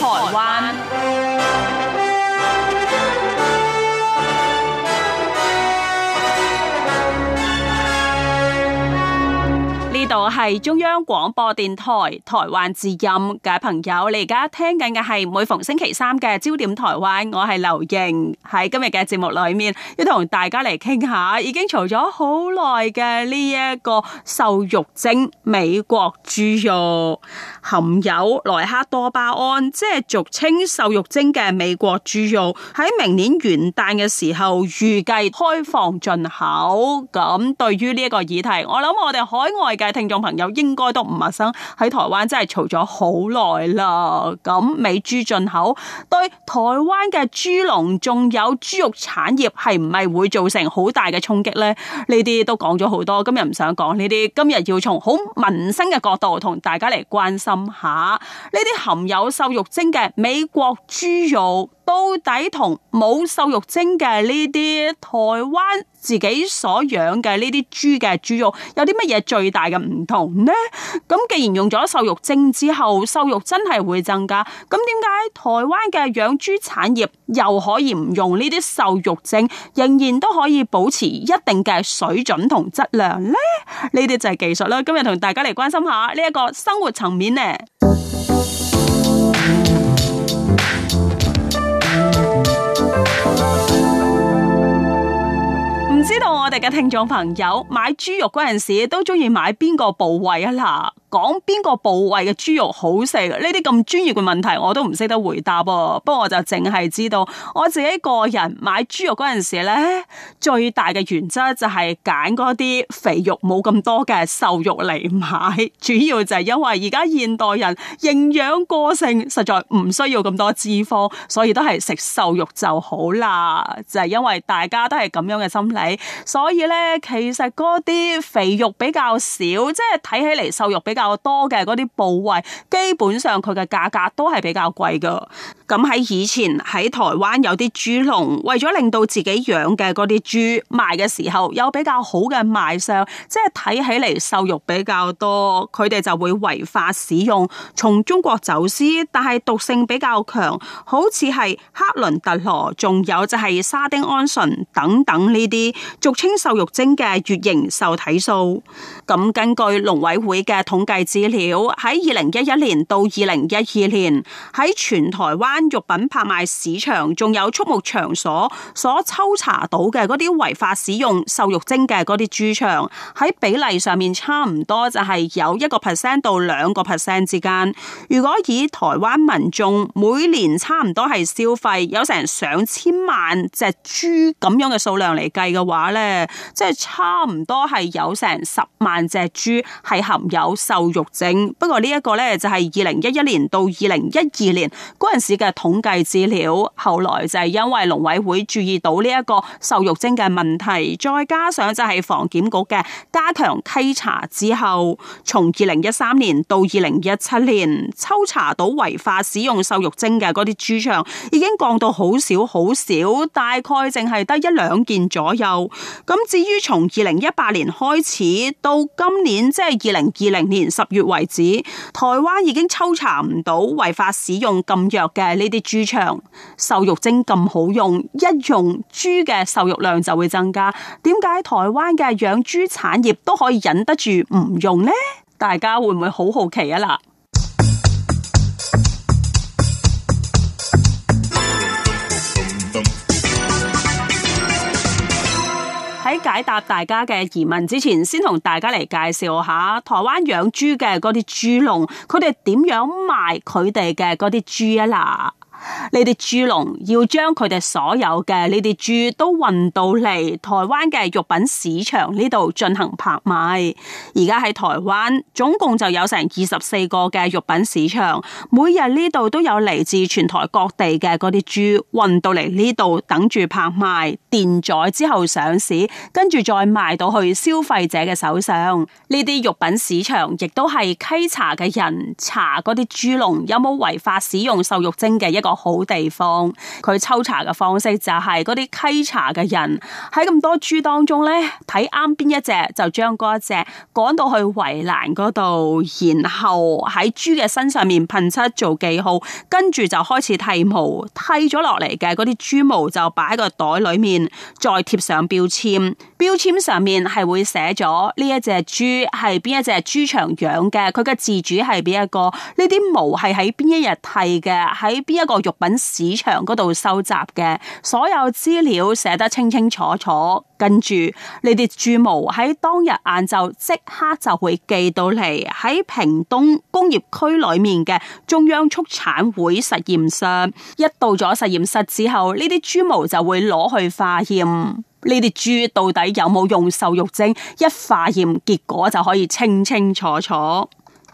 台灣。係中央廣播電台台灣之音嘅朋友，你而家聽緊嘅係每逢星期三嘅焦點台灣，我係劉瑩，喺今日嘅節目裏面要同大家嚟傾下，已經嘈咗好耐嘅呢一個瘦肉精美國豬肉含有萊克多巴胺，即係俗稱瘦肉精嘅美國豬肉，喺明年元旦嘅時候預計開放進口。咁對於呢一個議題，我諗我哋海外嘅聽眾。朋友應該都唔陌生，喺台灣真係嘈咗好耐啦。咁美豬進口對台灣嘅豬農、仲有豬肉產業係唔係會造成好大嘅衝擊呢？呢啲都講咗好多，今日唔想講呢啲。今日要從好民生嘅角度同大家嚟關心下，呢啲含有瘦肉精嘅美國豬肉。到底同冇瘦肉精嘅呢啲台灣自己所養嘅呢啲豬嘅豬肉有啲乜嘢最大嘅唔同呢？咁既然用咗瘦肉精之後瘦肉真係會增加，咁點解台灣嘅養豬產業又可以唔用呢啲瘦肉精，仍然都可以保持一定嘅水準同質量呢？呢啲就係技術啦。今日同大家嚟關心下呢一個生活層面呢嘅聽眾朋友，買豬肉嗰陣時都中意買邊個部位啊啦？講邊個部位嘅豬肉好食？呢啲咁專業嘅問題我都唔識得回答喎。不過我就淨係知道我自己個人買豬肉嗰陣時呢，最大嘅原則就係揀嗰啲肥肉冇咁多嘅瘦肉嚟買。主要就係因為而家現代人營養過剩，實在唔需要咁多脂肪，所以都係食瘦肉就好啦。就係因為大家都係咁樣嘅心理，所以呢，其實嗰啲肥肉比較少，即係睇起嚟瘦肉比較較多嘅嗰啲部位，基本上佢嘅價格都係比較貴噶咁喺以前喺台灣有啲豬農為咗令到自己養嘅嗰啲豬賣嘅時候有比較好嘅賣相，即係睇起嚟，瘦肉比較多，佢哋就會違法使用從中國走私，但係毒性比較強，好似係克倫特羅，仲有就係沙丁胺醇等等呢啲俗稱瘦肉精嘅乙型受體素。咁根據農委會嘅統計資料喺二零一一年到二零一二年，喺全台灣肉品拍賣市場仲有畜牧場所所抽查到嘅嗰啲違法使用瘦肉精嘅嗰啲豬場，喺比例上面差唔多就係有一個 percent 到兩個 percent 之間。如果以台灣民眾每年差唔多係消費有成上千萬隻豬咁樣嘅數量嚟計嘅話呢，即係差唔多係有成十萬隻豬係含有瘦肉，瘦肉精，不過呢一個呢就係二零一一年到二零一二年嗰陣時嘅統計資料，後來就係因為農委會注意到呢一個瘦肉精嘅問題，再加上就係防檢局嘅加強稽查之後，從二零一三年到二零一七年抽查到違法使用瘦肉精嘅嗰啲豬場，已經降到好少好少，大概淨係得一兩件左右。咁至於從二零一八年開始到今年，即係二零二零年。十月為止，台灣已經抽查唔到違法使用禁藥嘅呢啲豬場。瘦肉精咁好用，一用豬嘅瘦肉量就會增加。點解台灣嘅養豬產業都可以忍得住唔用呢？大家會唔會好好奇啊？啦？解答大家嘅疑問之前，先同大家嚟介紹下台灣養豬嘅嗰啲豬農，佢哋點樣賣佢哋嘅嗰啲豬啊啦。呢啲豬農要將佢哋所有嘅呢啲豬都運到嚟台灣嘅肉品市場呢度進行拍賣。而家喺台灣總共就有成二十四個嘅肉品市場，每日呢度都有嚟自全台各地嘅嗰啲豬運到嚟呢度等住拍賣，電宰之後上市，跟住再賣到去消費者嘅手上。呢啲肉品市場亦都係稽查嘅人查嗰啲豬農有冇違法使用瘦肉精嘅一個。好地方，佢抽查嘅方式就係嗰啲稽查嘅人喺咁多豬當中咧，睇啱邊一隻就將嗰一隻趕到去圍欄度，然後喺豬嘅身上面噴漆做記號，跟住就開始剃毛，剃咗落嚟嘅啲豬毛就擺喺個袋裏面，再貼上標籤，標籤上面係會寫咗呢一隻豬係邊一隻豬場養嘅，佢嘅自主係邊一個，呢啲毛係喺邊一日剃嘅，喺邊一個。肉品市場嗰度收集嘅所有資料寫得清清楚楚，跟住你哋豬毛喺當日晏晝即刻就會寄到嚟喺屏東工業區裏面嘅中央畜產會實驗室。一到咗實驗室之後，呢啲豬毛就會攞去化驗，呢啲豬到底有冇用瘦肉精？一化驗結果就可以清清楚楚。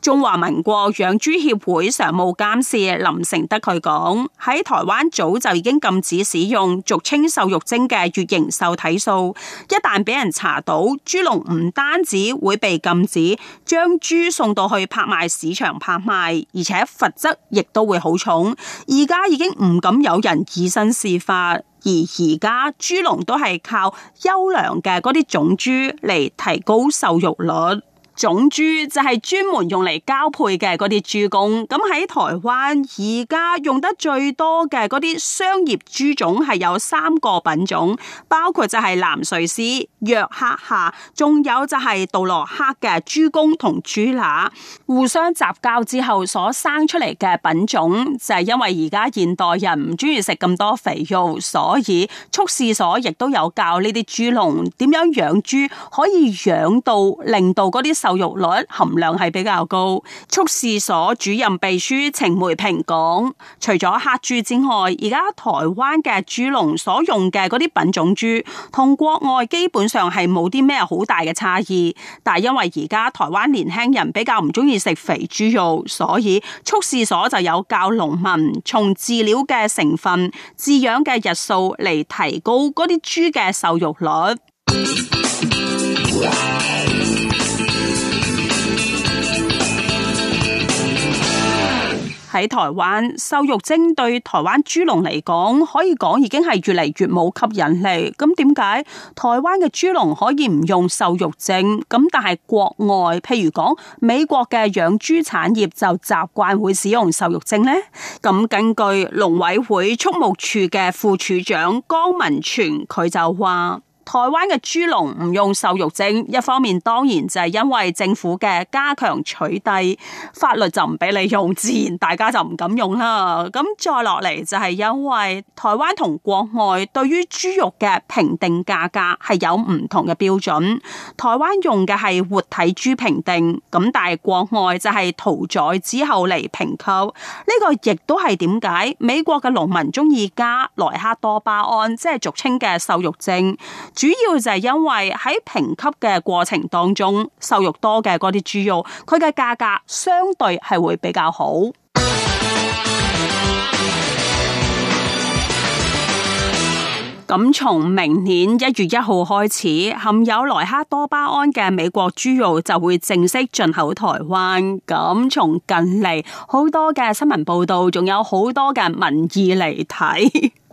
中華民國養豬協會常務監事林成德佢講：喺台灣早就已經禁止使用俗稱瘦肉精嘅乙型瘦體素，一旦俾人查到，豬農唔單止會被禁止將豬送到去拍賣市場拍賣，而且罰則亦都會好重。而家已經唔敢有人以身試法，而而家豬農都係靠優良嘅嗰啲種豬嚟提高瘦肉率。種豬就係專門用嚟交配嘅啲豬公，咁喺台灣而家用得最多嘅啲商業豬種係有三個品種，包括就係藍瑞斯、約克夏，仲有就係杜洛克嘅豬公同豬乸互相雜交之後所生出嚟嘅品種就係、是，因為而家現代人唔中意食咁多肥肉，所以畜試所亦都有教呢啲豬農點樣養豬可以養到令到啲。瘦肉率含量係比較高，畜事所主任秘書程梅平講：除咗黑豬之外，而家台灣嘅豬農所用嘅嗰啲品種豬，同國外基本上係冇啲咩好大嘅差異。但係因為而家台灣年輕人比較唔中意食肥豬肉，所以畜事所就有教農民從飼料嘅成分、飼養嘅日數嚟提高嗰啲豬嘅瘦肉率。喺台灣瘦肉精對台灣豬農嚟講，可以講已經係越嚟越冇吸引力。咁點解台灣嘅豬農可以唔用瘦肉精？咁但係國外，譬如講美國嘅養豬產業就習慣會使用瘦肉精呢？咁根據農委會畜牧處嘅副處長江文全，佢就話。台灣嘅豬農唔用瘦肉精，一方面當然就係因為政府嘅加強取締，法律就唔俾你用，自然大家就唔敢用啦。咁再落嚟就係因為台灣同國外對於豬肉嘅評定價格係有唔同嘅標準，台灣用嘅係活體豬評定，咁但係國外就係屠宰之後嚟評級。呢個亦都係點解美國嘅農民中意加萊克多巴胺，即係俗稱嘅瘦肉精。主要就係因為喺評級嘅過程當中，瘦肉多嘅嗰啲豬肉，佢嘅價格相對係會比較好。咁從、 嗯、明年一月一號開始，含有萊克多巴胺嘅美國豬肉就會正式進口台灣。咁、嗯、從近嚟好多嘅新聞報道，仲有好多嘅民意嚟睇。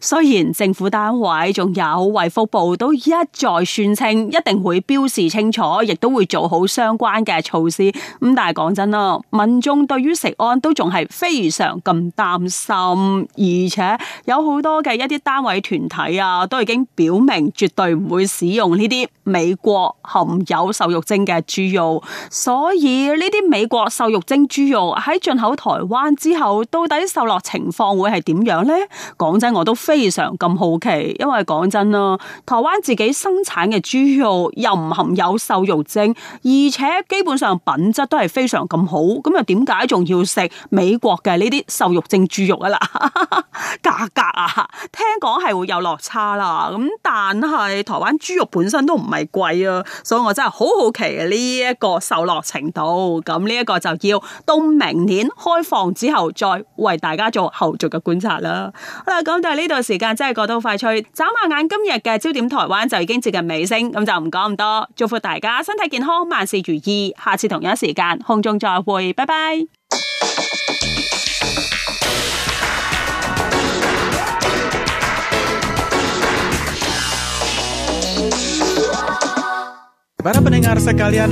雖然政府單位仲有衛福部都一再宣稱一定會標示清楚，亦都會做好相關嘅措施。咁但係講真啦，民眾對於食安都仲係非常咁擔心，而且有好多嘅一啲單位團體啊，都已經表明絕對唔會使用呢啲美國含有瘦肉精嘅豬肉。所以呢啲美國瘦肉精豬肉喺進口台灣之後，到底受落情況會係點樣呢？講。講真我都非常咁好奇，因為講真啦，台灣自己生產嘅豬肉又唔含有瘦肉精，而且基本上品質都係非常咁好，咁啊，點解仲要食美國嘅呢啲瘦肉精豬肉啊啦？價格啊，聽講係會有落差啦，咁但係台灣豬肉本身都唔係貴啊，所以我真係好好奇啊呢一個受落程度，咁呢一個就要到明年開放之後再為大家做後續嘅觀察啦。講到呢度時間真係過得好快脆。眨下眼今日嘅焦點台灣就已經接近尾聲，咁就唔講咁多，祝福大家身體健康，萬事如意，下次同樣時間空中再會，拜 拜樂。